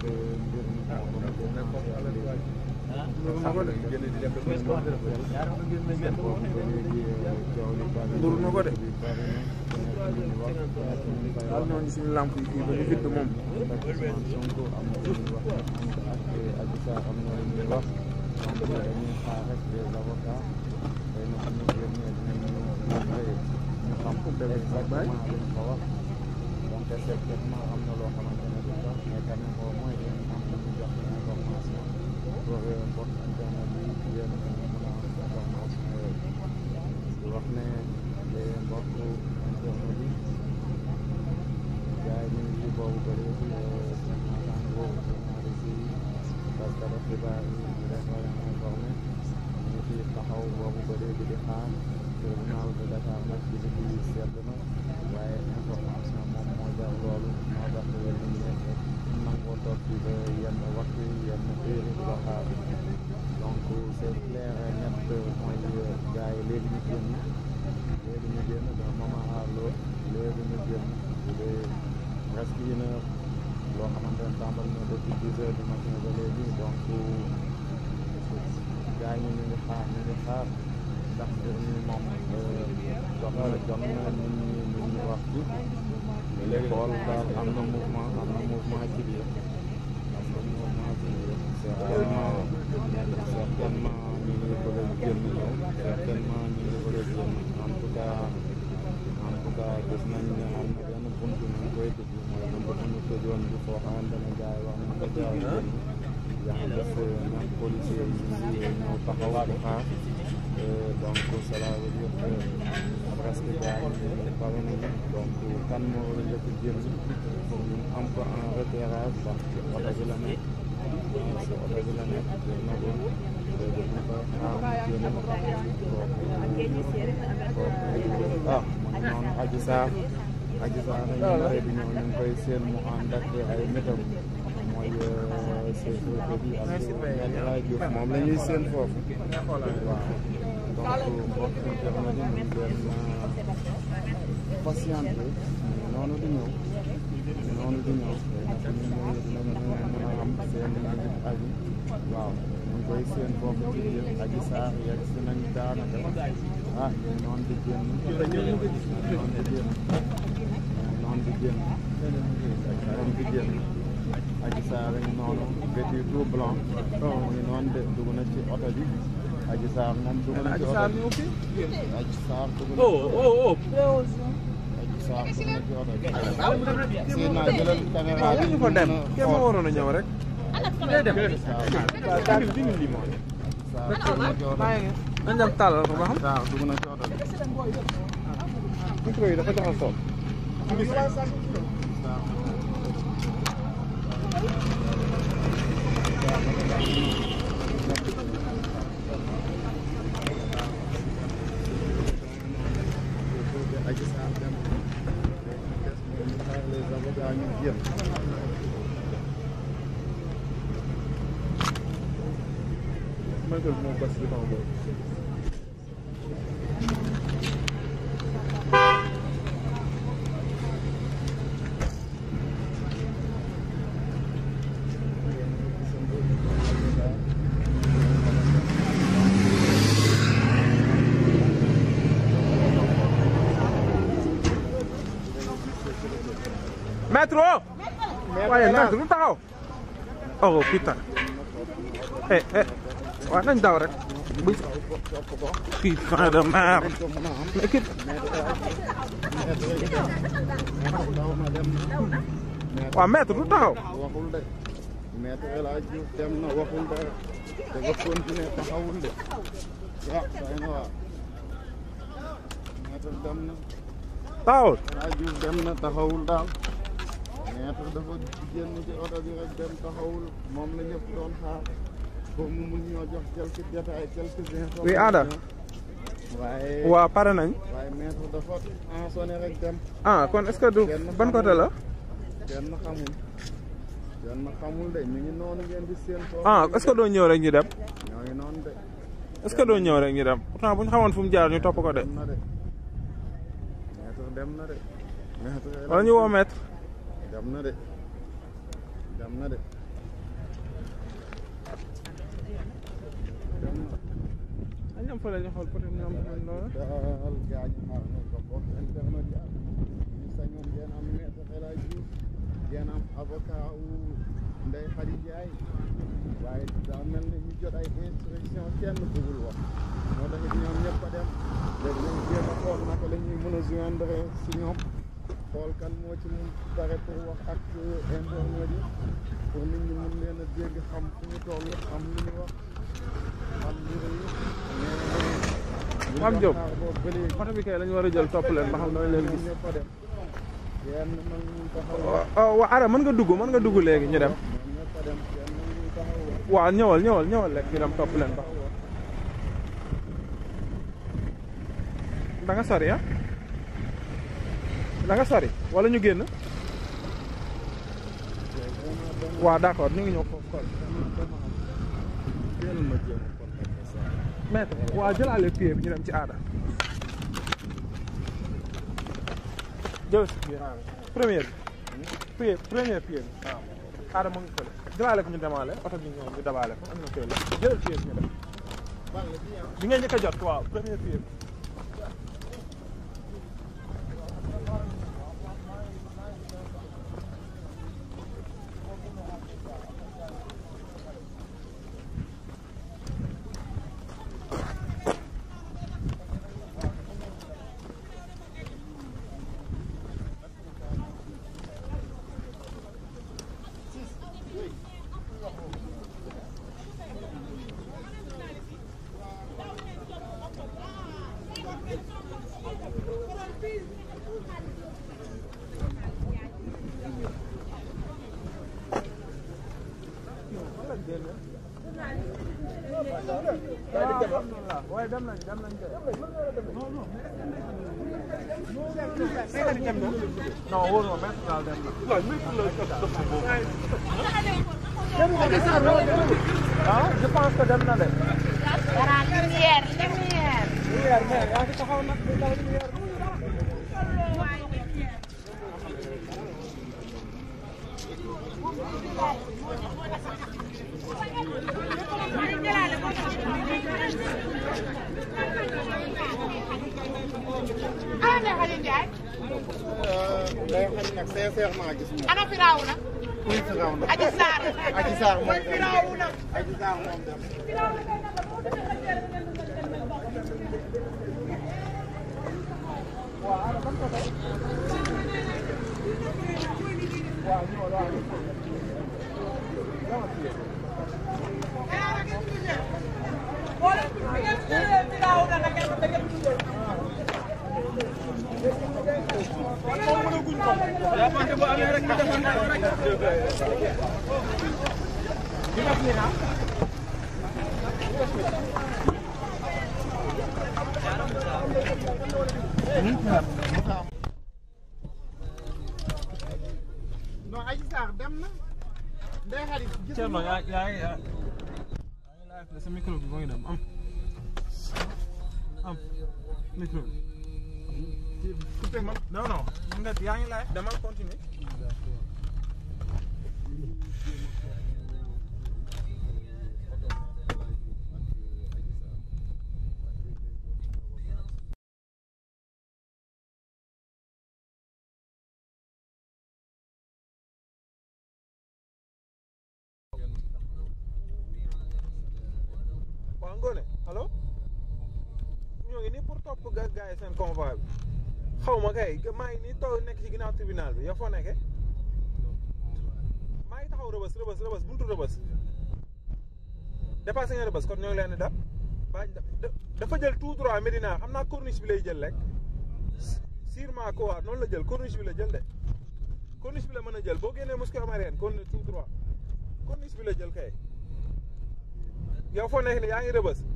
nduru na ko de daal ñoo ngi suñu lamp yi fii ba ñu vidd moom Sonko am na lu ñuy wax ak Adji Sarr am na lu ñuy wax donc dañuy xaar rek des avocats day na xam ne génnee dinañu ñu xam exactement lañ fa wax donc certainement am na loo xamante ne tamit boobu mooy leen am lu ñu jox information boobu mbokk internet bi yéen a mën a am information yooyu wax ne mbokk internet bi gars yi ñu ngi ci boobu ba léegi seen maanaam boobu journaliste yi parce que daf yi ñu leen war a informé ñu ngi ci taxaw boobu ba léegi di xaar génn léegi ñu génn d'un moment à l'autre léegi ñu génn léegi presque une heure loo xamante ne tàmbali na depuis dix heures du matin ba léegi donc gars yi ñu ngi xaar ñu ngi xaar ndax mbir mi moom doxal jot na ñu na mu waaw mooy noonu Adji Sarr Adji Sarr nañu ah, nare bi ñëw ñu ngi koy seen mu ànd ak ay métam mooy sécurité euh, moom la ñuy seen foofu waaw donc mbokk internet yi ñu leen euh, patienté noonu di ñëw noonu di ñëw am seen aji waaw koy seen foofu ci biir Adji Sarr yegg si nañ ah noonu di génn noonu di génn noonu di génn noonu di génn Adji Sarr ngi noonu vêtu tout blanc mu ngi noonu de dugg na ci oto bi Adji Sarr moom dugg na ci oto bi Adji Sarr dugg na ci oto bi si naa jëlal caméra bi ko dem kenn ma waroon a ñëw rek nañ dem tàllal ko ba xam. waaw dugg na ci oto bi. micro yi dafa jaxasoo. Michael Moore, that's the métro waaye nag du taxaw oh putain eh eh waaw nañ daw rek bu putain de merde eh, waaw maître taxawul de taxawul El maître dafa génn ci oto bi rek dem taxawul moom la ñëpp doon xaar pour mu mun ñoo jox quelques détails quelques informations oui Ada waaye waaw pare nañ waaye maître dafa en sonné rek dem ah kon est-ce que du ban côté la kenn xamul kenn xamul de ñu ngi noonu ngeen di seen ah est ñëw rek ñu dem ñoo ngi de est que doo ñëw rek ñu dem pourtant bu ñu xamoon fu mu jaar ñu topp ko de maître ñu woo maître dem na de dem na de ñam fa lañu xool peut-être ñam fa lañu lool daal gaañ xaar na ko bokk internet yi ñu sañoon ngeen am maître El Hadji Diouf ngeen am avocat wu Ndeye Khady Ndiaye waaye daa mel ne ñu jot ay instruction kenn bëggul wax moo taxit ñoom ñëpp a dem léegi nañ jéem a xool naka la ñuy mën a joindre si ñoom xool kan moo ci mun pare pour wax ak leen a dégg xam fu lañu war a jël topp leen ba xam nañ leen gis waaw ara mën nga dugg mën nga dugg léegi ñu dem waaw ñëwal ñëwal ñëwal topp leen ba da nga da nga sori wala ñu génn. waaw d'accord ñu ngi ñëw foofu kon. maître waaw jëlaale pied bi ñu dem ci aada. jël si pied première bi. pied première pied bi. waaw ah. aada mu ñu demaale oto bi ñoom ñu dabaale ko am na bi ñu dem. bi nga njëkk a jot waaw première non wóor na maître daal dem na. waaw maître la def na ko. ah je pense que dem na de. sincèrement gis ana firaaw na. kuy firaaw na Adji Sarr. Adji Sarr moom dem. non Adji Sarr dem na. Ndeye Khady gis nga Thierno yaa yaa yaa ngi laaj sa micro bi moo ngi dem am am micro bi. coupé man non nga yaa ngi laaj damal continuer ok maa ngi nii toog nekk ci ginnaaw tribunal bi yow foo nekkee maa ngi taxaw rëbës rëbës rëbës buntu rëbës dépassé nga rëbës kon ñoo ngi leen di dab ba dafa jël tout droit Médina xam naa corniche bi lay jël rek sûrement ko noonu la jël corniche bi la jël de corniche bi la mën a jël boo génnee mosquée Omarienne kon tout droit corniche bi la jël kay yow foo nekk nii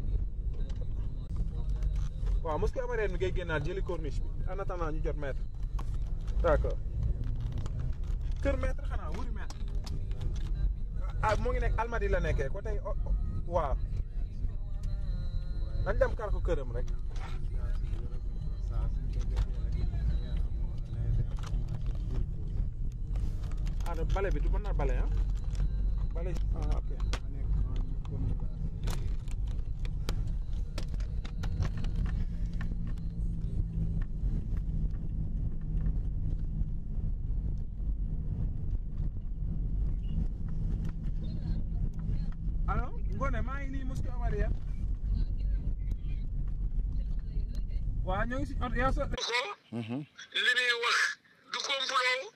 waaw mosquée amarienne bi ngay génnaat jëli corniche bi en attendant ñu jot maître d' accord kër maître xanaa wuri maître ah mu ngi nekk almadi la nekkee ko tey oh, oh, waaw dañ dem kar ko këram rek ah bale bi du mën na bale ah bale ah ok ñoo ngi si mhm. li muy wax du complot.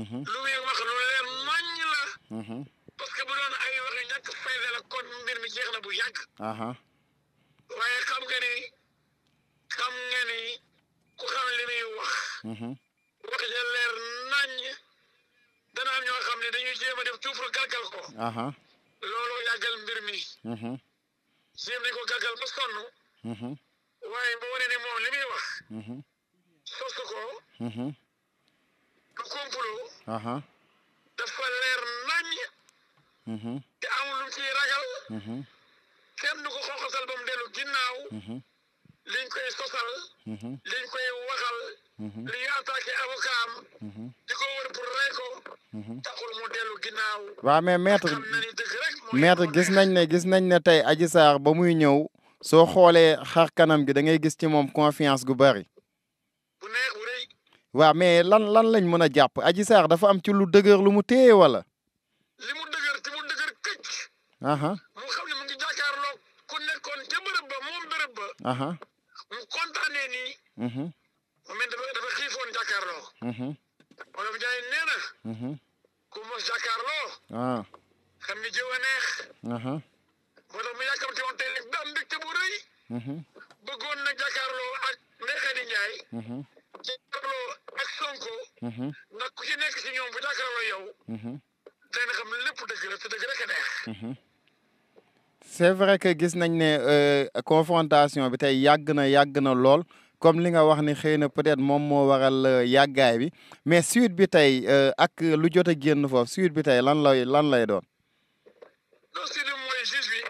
Mhm. lu muy wax lu leer naññ la. Mhm. parce que bu doon ay wax yu ñàkk fayda la mbir mi jeex na bu yàgg. waaye xam nga ni xam nga ni ku xam li muy wax. wax ja leer naññ dana am ñoo xam ne dañuy jéem a def tout pour gàggal ko. looloo yàggal mbir mi. jéem nañ ko gàggal ba sonn. waaye ba wane ne moom li muy wax. Mhm. sos ko. Mhm. du complot. dafa leer naññ. Mhm. te amul lu ciy ragal. kenn du ginnaaw. liñ koy sosal. liñ koy waxal. li ñu attaqué avocat am. di ko wër taxul mu dellu ginnaaw. waaw mais maître maître gis nañ ne gis nañ ne tey Adji Sarr ba muy ñëw. soo xoolee xar kanam gi da ngay gis ci moom confiance gu bari waaw mais lan lan lañ mën a jàpp aji Sarr dafa am ci lu dëgër lu mu téye wala. li mu dëgër ci mu dëgër këcc. mu xam ne mu ngi jàkkaarloo ku nekkoon ca bërëb ba moom bërëb ba. mu kontaanee nii. Mhm. mu mel dafa dafa xiifoon jàkkaarloo. wala bu jaay neex. moo tax mu yàkkamti woon tey mbégte bu rëy. Mhm. bëggoon na jàkkaarloo ak Ndeye Ndiaye. Mhm. jàkkaarloo ak Sonko. Mhm. ndax ku ci nekk si ñoom bu jàkkaarloo yow. dana xam lépp dëgg la te dëgg rek a neex. c'est vrai que gis nañ ne euh, confrontation bi tey yàgg na yàgg na lool comme li nga wax ni xëy na peut-être moom moo waral euh, yàggaay bi mais suite bi tey euh, ak lu jot a génn foofu suite bi tey lan lay lan lay doon. donc suite bi mooy juge bi.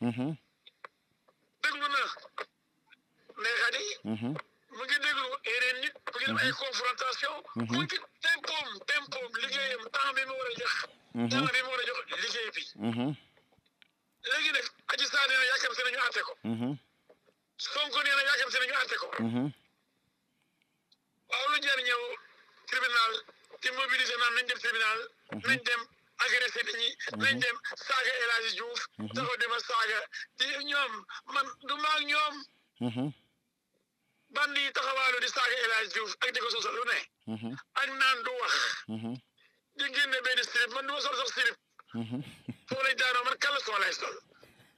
Mm-hmm. déglu na Ndeye mm-hmm. mu ngi déglu yeneen nit. mu ngi def ay mu mm-hmm. ngi tempoom tempoom liggéeyam temps mu war a jox. temps bi mu war a jox liggéey bi. léegi nag Adji Sarr nee na yaakaar si ne ñu àtte ko. Sonko nee na yaakaar si ne ñu àtte ko. waaw lu jar ñëw tribunal immobilisé naan nañ dem tribunal. nañ dem. agressé nit ñi mhm. nañ dem saaga El Hadji Diouf mhm. taxaw dema saaga di ñoom man du maag ñoom mhm. band yi taxawaalu di saaga El Hadji Diouf ak di ko sosal lu ne ak naan du wax di génne benn slip man du ma sol sax slip foo lay daanoo man kàlla soo lay sol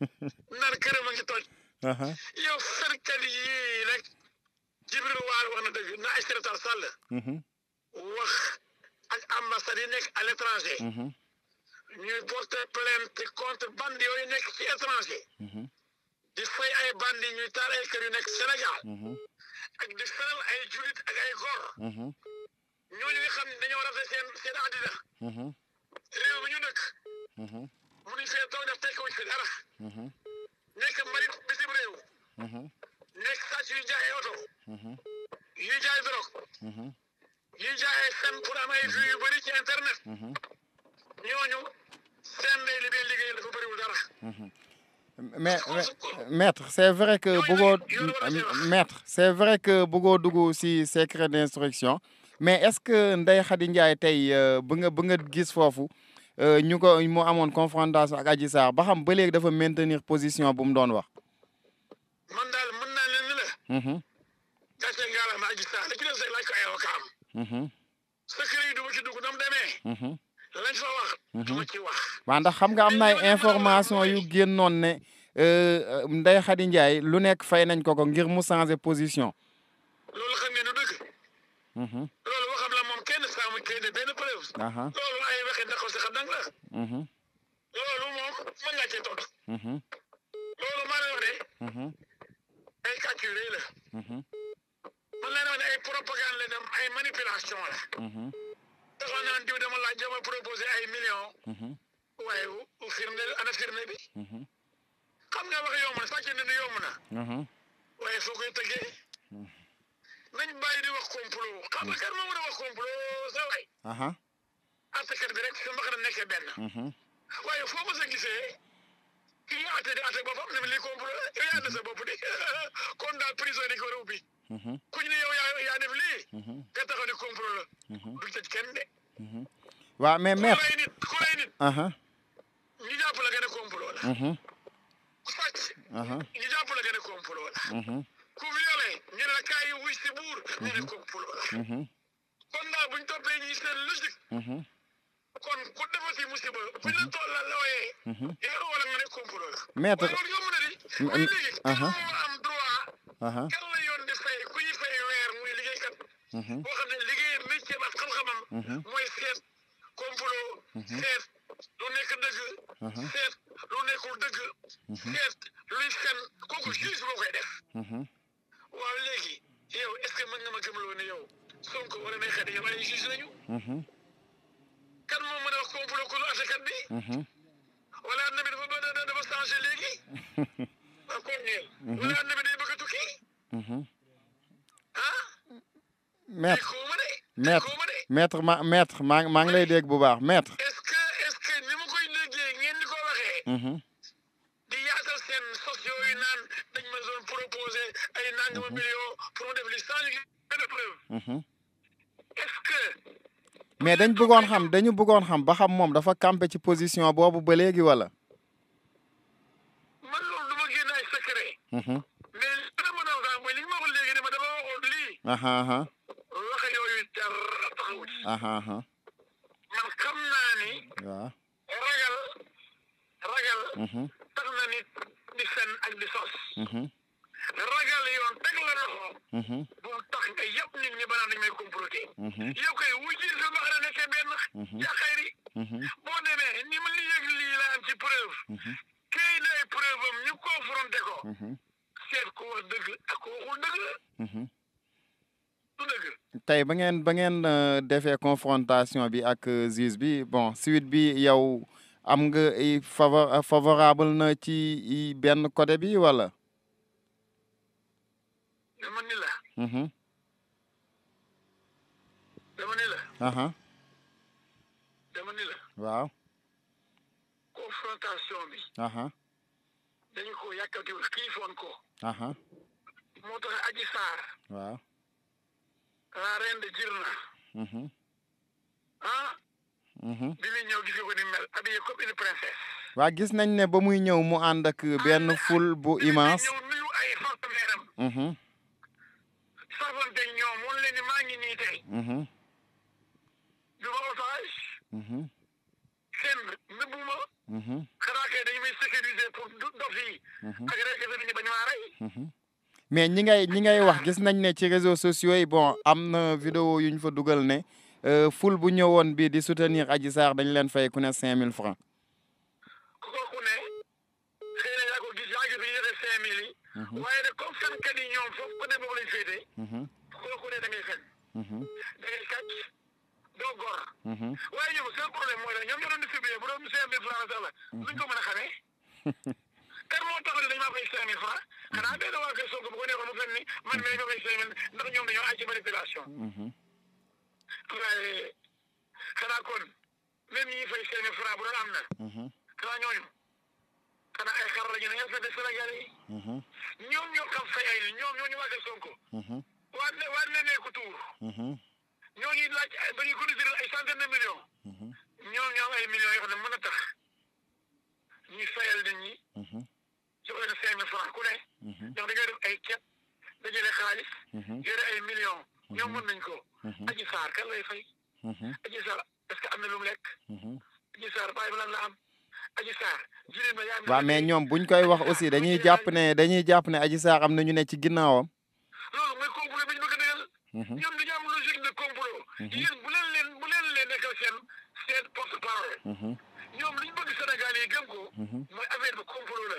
naan këram a ngi toj yow fenkat yii rek Jibril Waar wax na dëgg na Aïssata Tall Sall wax ak ambassade yi nekk à l'étranger ñuy porter plainte contre bandi yooyu nekk ci étranger. Mhm. di fay ay bandi ñuy taal ay kër yu nekk Sénégal. Mhm. ak di feral ay julit ak ay góor. Mhm. ñu nga xam ne dañoo rafet seen seen àddina. réew mi ñu dëkk. mu ngi fee toog def tekki wuñ fi nekk mbalit bitim réew. nekk sàcc yu jaay ay oto. yu jaay drogue. yu jaay ay fen pour yu bëri ci internet. ñooñu. seen ndey mm-hmm. est vrai que bëggoo maître c' est vrai que bëggoo dugg si secret d' instruction mais est ce que Ndeye Khady tey euh, ba nga ba nga gis foofu euh, ñu ko amoon confrontation ak Adji Sarr ba xam ba léegi dafa maintenir position bu mu doon wax. lañ fa wax. Mhm. duma ndax xam nga am na ay information yu génnoon ne euh, euh, Ndeye Khady Ndiaye lu nekk fay nañ ko ko ngir mu changer position. loolu xam ngeen du dëgg. Mhm. loolu waxam la mu kenn benn preuve. loolu la. Mhm. loolu moom mën ngaa naa ne dem ay manipulation la. dafa naan diw dama laaj dama proposé ay millions. Mhm. waaye firnde ana firnde bi. Mhm. xam nga wax yomb na sàcc na ni yomb na. Mhm. waaye foo koy tëggee. nañ bàyyi di wax complot xam nga kan moo mën a wax complot sa waay. attakat bi rek su ma nekkee benn. waaye foo ma sa gisee. kii yaa atte di atte boppam ne lii complot yow yaa sa bopp di kon daal prison di ko war a ubbi. Mm-hmm. ku ñu ne yow yaa yaa def lii. nga mm-hmm. taxaw ni complot la. Mm-hmm. duñ tëj kenn de. waaw mais maître ku ku lay nit. Uh-huh. ñu jàpp a complot la. Uh-huh. a complot la. wuy si buur ñu ne complot la. kon daal buñ toppee ñi kon ku defati musiba bu ñu la tollal looyee. yow wala nga ne complot la. maître kan la yoon di fay ku ñu fay weer muy liggéeykat mhm. boo xam ne liggéeyam métier ak xam-xamam mhm. mooy seet complot mhm. seet lu nekk dëgg seet lu nekkul dëgg seet luy fen kooku juge boo koy def waaw léegi yow est-ce que mën nga ma gëmloo ne yow Sonko wala may xadi yow ay juge lañu kan moom mën a wax complot ku lu atekat bi wala àddina bi dafa dafa changé léegi waaw kon maître maître maître ma maître maa maa ngi lay dégg bu baax maître. est-ce que est ma koy déggee ngeen di ko waxee. Mm-hmm. di yaatal seen sos yooyu naan dañ ma doon proposé mm-hmm. mm-hmm. mais dañ bëggoon xam dañu bëggoon xam ba xam moom dafa campé ci position boobu ba léegi wala. loolu du ma génn ay man xam naa ni. ragal ragal. Mhm. tax na nit di fen ak mhm. ragal yoon teg la loxo. Mhm. tax nga nit ñi ba naan dañ may comploter. yow kay wujjil sa mbaxana nekkee benn. jaxayri. boo demee ni ma li yëg lii la am ci preuve. kay day ko. seet ko wax dëgg ak ko waxul dëgg. tey ba ngeen ba ngeen euh, defee confrontation bi ak euh, juge bi bon suite bi yow am nga favor euh, favorable na ci benn côté bi wala. dama ni la. Mm-hmm. Uh-huh. waaw. confrontation bi. Uh-huh. dañu ko yàkkati woon kii foon ko. Uh-huh. moo tax Adji Sarr. waaw. reende jir mm-hmm. ah. mm-hmm. gis waa gis nañ ne ba muy ñëw mu ànd ak ah. benn ful bu immense ñëw nuyu ay partenaire am mm-hmm. ni maa ngi nii tey du ma otage kenn nëbbu ma xanaa kay dañu may sécuriser pour dof yi ak rek ñu mais ñi ngay ñi ngay wax gis nañ ne ci réseaux sociaux yi bon am na vidéo yu ñu fa dugal ne euh, ful bu ñëwoon bi di soutenir Adji Sarr dañ leen fay ku ne cinq mille francs mhm. waaye nag comme fenkat yi ñoom foofu côté boobu lañ féetee. Mhm. kooku ne da ngay fen. Mhm. da ngay kàcc doo gor. waaye ñoom bu doon cinq mille franc sax la. luñ a moo tax ne dañ maa fay cinq mille franc. xanaa benn waa kër Sonko bu ko neexoon mu fen ni man mii dañoo koy sëñ ndax ñoom dañoo àgg ci manipulation. Mhm. waaye xanaa kon même ñi fay seen i franc bu doon am na. Mhm. xanaa ñooñu xanaa ay xar la ñu ne ñoom seen Sénégal yi. Mhm. ñoom ñoo xam fay ay ñoom ñoo ñu waa kër Sonko. waat ne waat ne nekku tuur. ñoo ñuy laaj ay dañuy cotiser ay centaine de millions. ñoom ñoo am ay millions yoo xam ne mën a tax ñuy fayal nit ñi. joxe na cinq mille franc ku ne. Mm-hmm. ndax da ngay def ay ceeb dajale xaalis. Mm-hmm. yore ay million ñoom mm-hmm. mën nañ ko. aji saar kan lay fay. aji saar parce que am na lu lekk. aji saar bàyyi ba lan la am. aji saar jigéen ba yaa ngi. waaw mais ñoom buñ koy wax aussi dañuy jàpp ne dañuy jàpp ne aji saar am na ñu ne ci ginnaawam. loolu mooy a dëgal. ñoom dañu am logique bu leen leen bu leen leen ñu bëgg Sénégal yi gëm ko. mooy affaire bi complot la.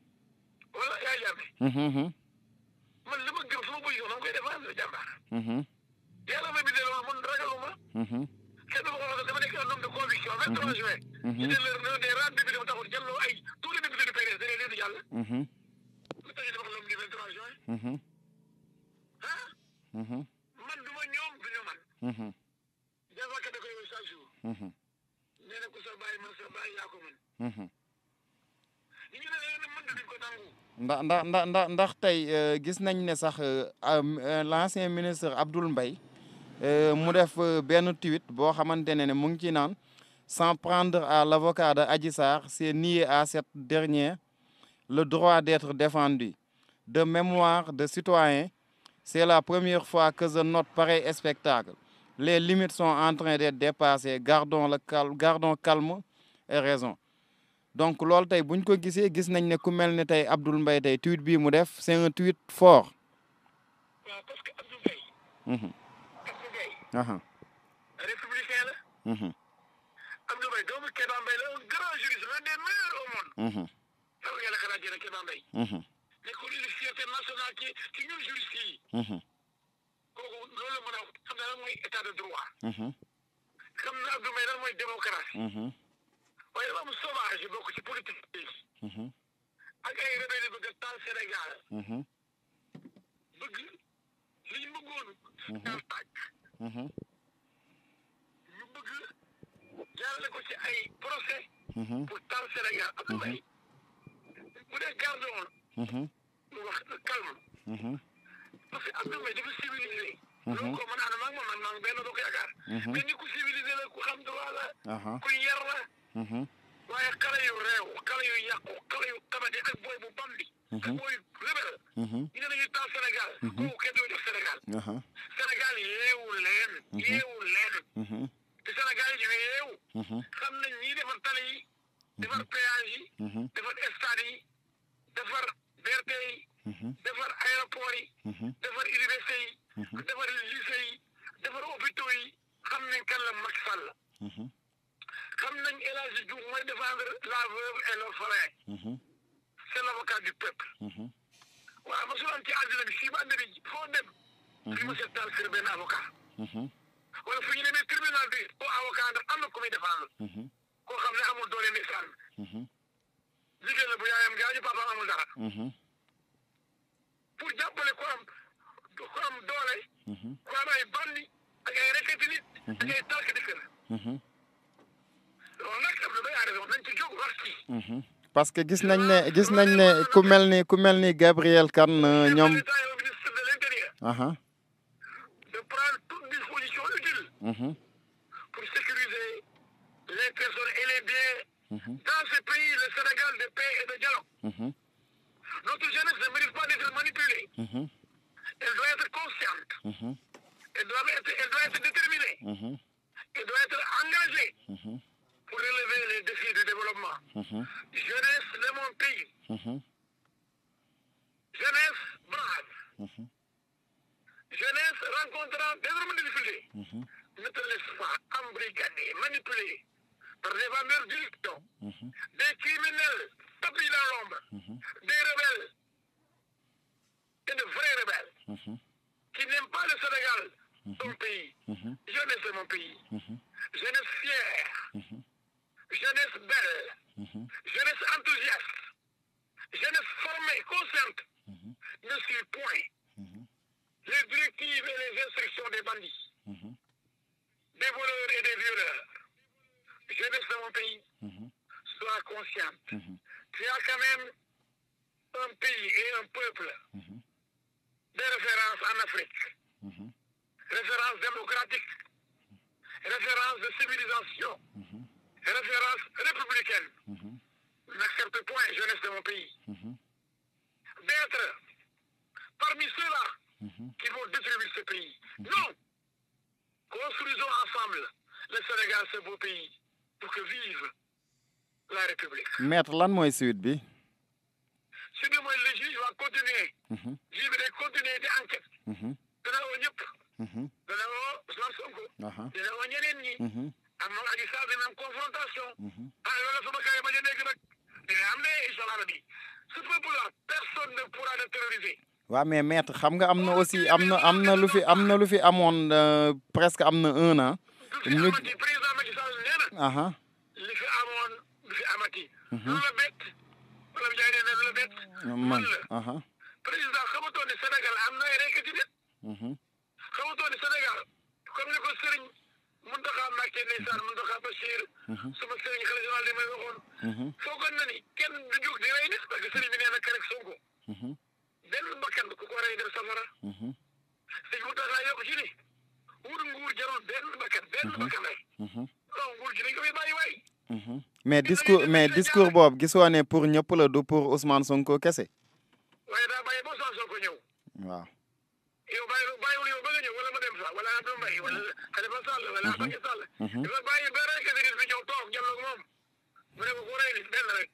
wala yaa jàmme. Mm-hmm, mm-hmm. man li ma gëm sama position dama koy défendre ah, jàmbaar. Mm-hmm. yàlla ma bindee loolu man ragaluma. kenn du ma ko waxee dama nekk un homme de conviction. 23 juin. ñu ne la des rares députés mu taxoon jël ay tous les députés du PDS da ngay déglu jàll. lu tax ñu def ak l'homme du 23 juin. ah. man du ma ñoom du ñu man. dafa kat da koy woy chaque jour. nee na ku sa bàyyi man sa bàyyi yaa ko mën. ñu ne la yéen a mën duñ ko nangu. ndax ndax ndax ndax ndax tey euh, gis nañ ne sax euh, euh, l'ancien ministre Abdoul Mbaye mu def benn tweet boo xamante ne ne mu ngi ci naan s'en prendre à l'avocat de Adji Sarr c'est nier à cette dernière le droit d'être défendu de mémoire de citoyen c'est la première fois que je note pareil spectacle les limites sont en train d'être dépassées gardons le calme gardons calme et raison donc loolu tey buñ ko gisee gis nañ ne ku mel ne tey Abdoul mbay tey tweet bii mu def c'est un tweet fort. waaw parce que Abdoul Mbaye. Mhm. Abdoul Mbaye. républicain la. Mhm. Abdoul Mbaye doomu Kéba Mbaye la un grand juriste l'un des meilleurs au monde. taw yàlla xanaa jëlee Kéba Mbaye. Mhm. nekkul une fierté nationale ci ci ñun a xam naa étranger bokk ci politique bi. Mhm. ak ay rebelle bëgg a taal Sénégal. Mhm. bëgg li ñu bëggoon. daal mhm. tàkk. ñu bëgg jaarale ko ci ay procès. pour taal Sénégal am na ay. bu dee garde woon. mu wax calme. parce que Abdou Mbaye dafa civilisé. loolu ko man ànd ak man man benn bokk yaakaar. mais ni ku ku xam droit ku yar waaye xale yu réew xale yu yàqu xale yu xamante ak booy bu bambi. ak mhm. booy rebelle. Mhm. ñu ne dañuy taal Sénégal. Mhm. kooku kenn du def Sénégal. Sénégal yeewu leen. yeewu leen. te Sénégal yi ñu yeewu. xam nañ ñii defar tali yi. defar péage yi. defar stade yi. defar BRT yi. defar aéroport yi. defar xam nañ kan la xam nañ El Hadji Diouf mooy la veuve et l'orphelin. Mhm. c' est l' avocat du peuple. Mhm. waaw mosul am ci àddina bi ba ànd bi foo dem. fi mu seet taal kër benn avocat. Mhm. wala fu tribunal bi au avocat ndax am na ku muy défendre. koo xam ne amul doole ndeysaan. jigéen la bu yaayam gaañu papaam amul dara. pour jàppale ku am ku am doole. ku am ay bandi ak ay rekkati nit. ak ay tànk di kër. Mhm. parce que gis nañ ne gis nañ ne ku mel ni ku mel ni Gabriel Kane euh, ñoom. de prendre toutes pour sécuriser les dans ce pays le Sénégal de paix et de dialogue. notre jeunesse ne mérite pas doit être consciente. elle doit être elle doit mhm. doit être engagée. Mhm. pour relever les défis du développement. Mm -hmm. Jeunesse de mon pays. Mm -hmm. Jeunesse brave. Mm -hmm. Jeunesse rencontrant d'énormes difficultés. Mhm. Ne te laisse pas embrigader, manipuler par des vendeurs d'illusion, mhm. des criminels tapis dans mhm. des rebelles et de vrais rebelles qui n'aiment pas le Sénégal, ton pays. Jeunesse de mon pays. Jeunesse fière. jeunesse belle mhm. jeunesse enthousiaste jeunesse formée consciente mhm. ne suit point mhm. les directives et les instructions des bandits des voleurs et des violeurs jeunesse de mon pays sois consciente tu as quand même un pays et un peuple de référence en Afrique référence démocratique référence de civilisation référence républicaine, mhm. n'accepte point jeunesse de mon pays, mhm. d'être parmi ceux-là mhm. qui vont détruire ce pays. Non, construisons ensemble le Sénégal, ce beau pays, pour que vive la République. Maître lan mooy suite bi. suite bi mooy le juge va continuer. juge bi day continuer di enquête. dana woo ñëpp. dana woo Ousmane Sonko. dana woo ñeneen ñi. am na aji saar dina am confrontation mhm. ah loolu la sama gars yi ma ja dégg nag dina am ne incha allah rabi ce peuple là personne ne pourra le terroriser waaw mais maître xam nga am na aussi am na am na lu fi am na lu fi amoon euh, presque am na un an ñu président Macky Sall nee na li fi amoon lu fi amati mhm. lu la bett wala bi jaay nee na lu la bett man la président xamutoon ne Sénégal am na ay reykat yi nit mhm. xamutoon ne Sénégal comme ni ko sëriñ Mountakha Mbacké ndeysaan Mountakha Bachir mhm. sama sëriñ régional li may waxoon mhm. foogoon ni kenn du jóg di rey nit parce que sëriñ bi nee na ku mhm. ko rey dem safara sëñ Mountakha yokk ci ni wut nguur jarul benn bakkan benn bakkan rek non oh, nguur ji dañ mais discours mais discours boobu gisoo ne pour ñëpp la du pour Ousmane Sonko kese waaye daa bàyyi ba Ousmane Sonko ñëw waaw yow bàyyi bàyyiwul yow ba nga ñëw wala ma dem sax wala Abdou Mbaye wala Khalifa Sall wala mhm. Macky Sall mhm. dafa bàyyi ba rek si nit mu ne ko ku rey nit benn rek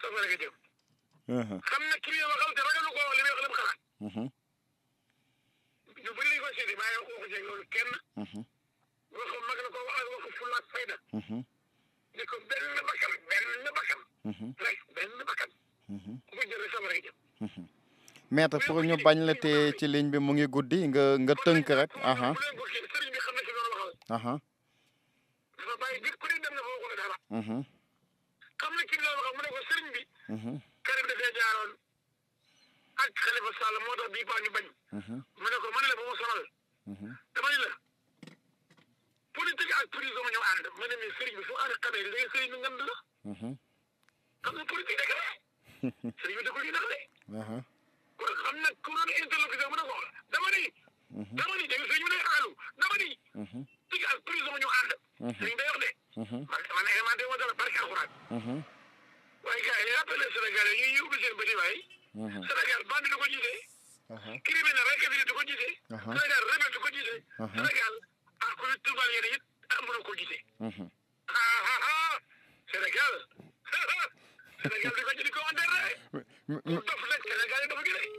soo fa rek a uh-huh. na ki muy waxal te ragalu ko wax li muy wax lam xalaat uh-huh. ñu bëri kenn uh-huh. waxu mag la ko wax waxu fulaak fayda ne ko benn bakkan benn bakkan rek benn bakkan ku ko jël rek sama rek a jëm maître pour ñu bañ la téye ci ligne bi mu ngi guddi nga nga tënk rek aha aha mhm xam na ci loolu mu ne ko sëriñ bi Karim dafee jaaroon ak Khalifa Sall mu ne ko mën la ba ak prison ñoo ànd ma ne mais sëriñ bi fu ànd xamee léegi sëriñ sëriñ bi dëggul ñu nag ku doon interlocuteur mu ne ko dama ni. Mhm. dama ni dégg nga sëñ bi ne àllu dama ni. digg mhm. ak prison ñu ànd. Mhm. sëñ bi day wax de. a man man de ma dara barke alxuraan. waaye gars yi rappelé Sénégalais yi ñuy ubbi seen bët yi waaye. Sénégal bandi du ko jiite. criminel rek du ko jiite. Sénégal rebelle du ko jiite. Sénégal ah ku tubaab yéen it ah mënoo ko jiite. ah ah ah Sénégal Sénégal di ko jiite ko ande rek. dof nag Sénégal yi dafa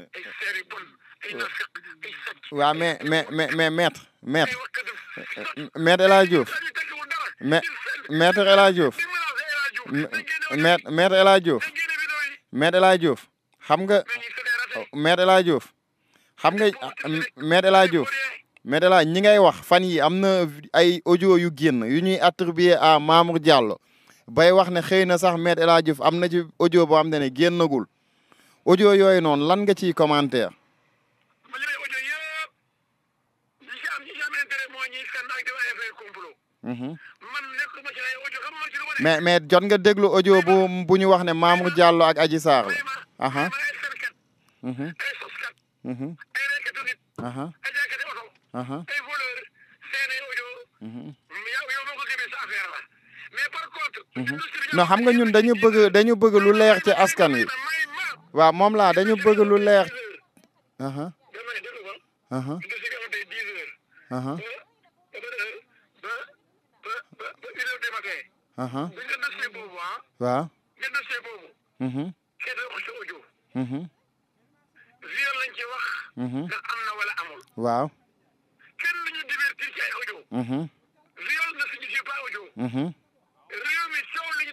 waaw mais mais mais mais maître maître euh, euh, maître El Hadj Diouf ma maître El Hadj Diouf maître xam nga maître El Hadj xam nga maître El Hadj Diouf maître El ñi ngay wax fan yi am na ay audio yu génn yu ñuy attribué à Mamour Diallo bay wax ne xëy na sax maître El Hadj am na ci audio boo xam ne génnagul audio yooyu noonu lan nga ciy commentaire. mais mais jot nga déglu audio bu bu ñu wax ne Mamour Diallo ak Adji Sarr la. aha mhm. mhm. aha aha mhm. non xam nga ñun dañu bëgg dañu bëgg lu leer ci askan wi waaw moom laa dañu bëgg lu leer. aha aha aha aha waaw. viol lañ ci wax. ndax am na wala amul. waaw. kenn duñu ñu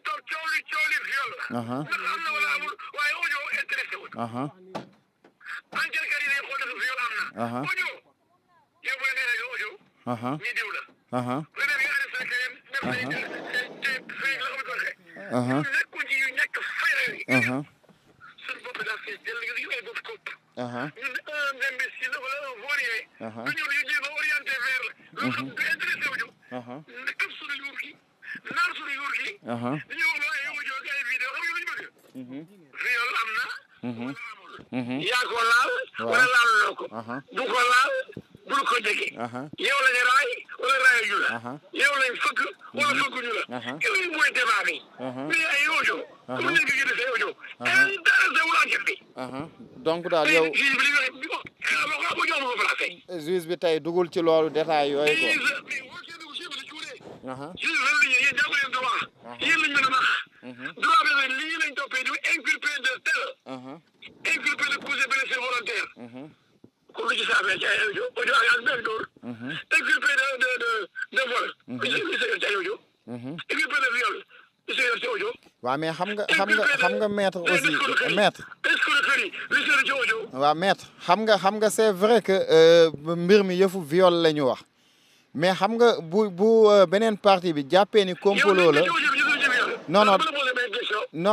toog coow li coow li viol la. enquêteurs yi day xool dafa viol am na. audio yow boo nee yow audio. ñu diw la. bu demee nga arrêté leen. même day tey tey la ko waxee. ñu nekkul ci yu ñàkk fayra yi. suñu bopp daa fees jël li ñu ay bopp kopp. ñun un imbécile wala un vaurien. du ñëw ñu jéem a orienté vers la. loo xam du intéressé wu ñu. këf suñu yuur gi naar suñu yuur gi. dañoo wax loo ay audio ak ay vidéo xam nga lu ñu bëgg. Mhm. Mm-hmm. Mm-hmm. yaa ko laal. wala laaluloo ko. Uh-huh. du ko laal bul ko jege. Uh-huh. yow la ñu raay wala raayuñu la. Uh-huh. yow lañ fëgg wala mm-hmm. fëgguñu la. yooyu mooy débat bi. mais ay audio. comme ni nga gis ay audio. donc daal yow ah, juge bi tey dugul ci loolu détail yooyu ko. juge bi yéen jàpp leen droit. yéen lañ mën a nax. droit bi affaire ci mais xam nga xam xam nga maître aussi maître. escroquerie li si xam nga xam nga c'est vrai que euh, mbir mi yëfu viol la ñu wax mais xam nga bu euh, beneen partie bi jàppee ni complot la. non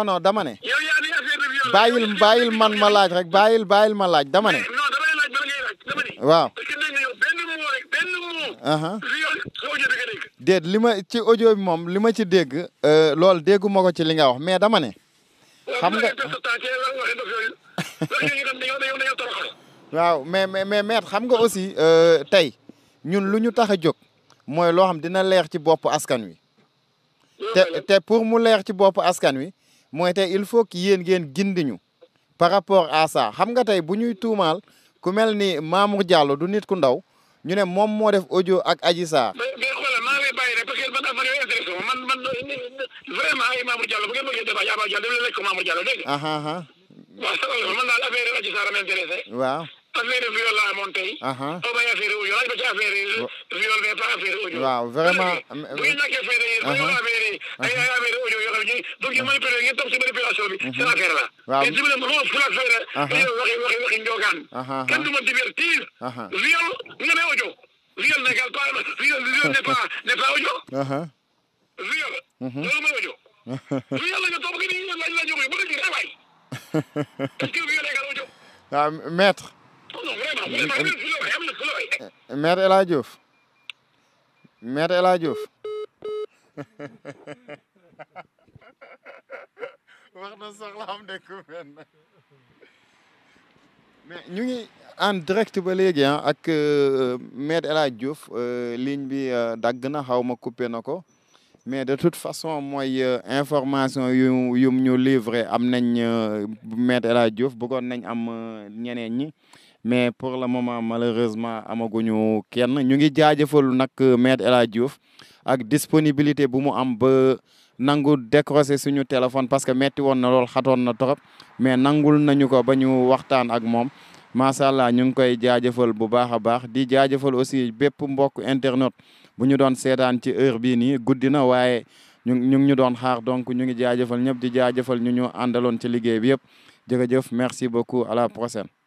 non bàyyil man ma laaj rek bàyyil bàyyil ma laaj dama waaw déet li ma ci audio bi moom li ma ci dégg euh, loolu dégguma ko ci li nga wax mais dama ne xam nga waaw mais mais mais maître xam nga aussi euh, tey ñun lu ñu tax a jóg mooy loo xam dina leex ci bopp askan wi te te pour mu leex ci bopp askan wi mooy te il faut que yéen ngeen gindiñu par rapport à ça xam nga tey bu ñuy tuumaal ku mel ni Mamour Diallo du nit ku ndaw ñu ne moom moo def audio ak Adji Sarr. mais mais xoolal maa ngi lay bàyyi rek parce que ma man man vraiment ay Mamour Diallo bu ngeen bëggee débat affaire viol la amoon tey. xaw ma affaire audio laaj ba ci affaire viol mais pas affaire audio. waaw vraiment. bu ñu ñàkkee fay dañuy dañoo affaire ay ay affaire audio yoo xam ne bu ñu manipulé ngeen toog si manipulation bi. Mhm. seen affaire la. waaw mais déglu ma ma fulaak fay la. dañoo waxi waxi waxi njogaan. kenn du ma divertir. viol nga ne audio. viol nekk pas viol viol n'est pas n'est pas audio. viol. Mhm. loolu mooy audio. viol la nga toog ni laaj la ñu ko bu dee ci rewaay. est-ce que viol nekk audio. waaw maître. Eh, eh, maître El Hadj Diouf maître El Hadj Diouf wax na soxlaam de ku benn mais ñu ngi en direct ba léegi ah, ak euh, maître El Hadj Diouf euh, ligne bi euh, dagg na xaw ma coupé na ko mais de toute façon moy information yu yum ñu livré am nañ maître El Hadj Diouf bëggoon nañ am ñeneen ñi mais pour la moment malheureusement amaguñu kenn ñu ngi jaajëfal nag euh, maître El Hadj Diouf ak disponibilité bu mu am ba nangu décroché suñu téléphone parce que metti woon na lool xatoon na trop mais nangul nañu ko ba ñu waxtaan ak moom macha allah ñu ngi koy jaajëfal bu baax a baax di jaajëfal aussi bépp mbokk internet bu ñu doon seetaan ci heure bii nii guddi na waaye ñu ñu ngi ñu doon xaar donc ñu ngi jaajëfal ñëpp di jaajëfal ñu ñu àndaloon ci liggéey bi yëpp jërëjëf merci beaucoup à la prochaine.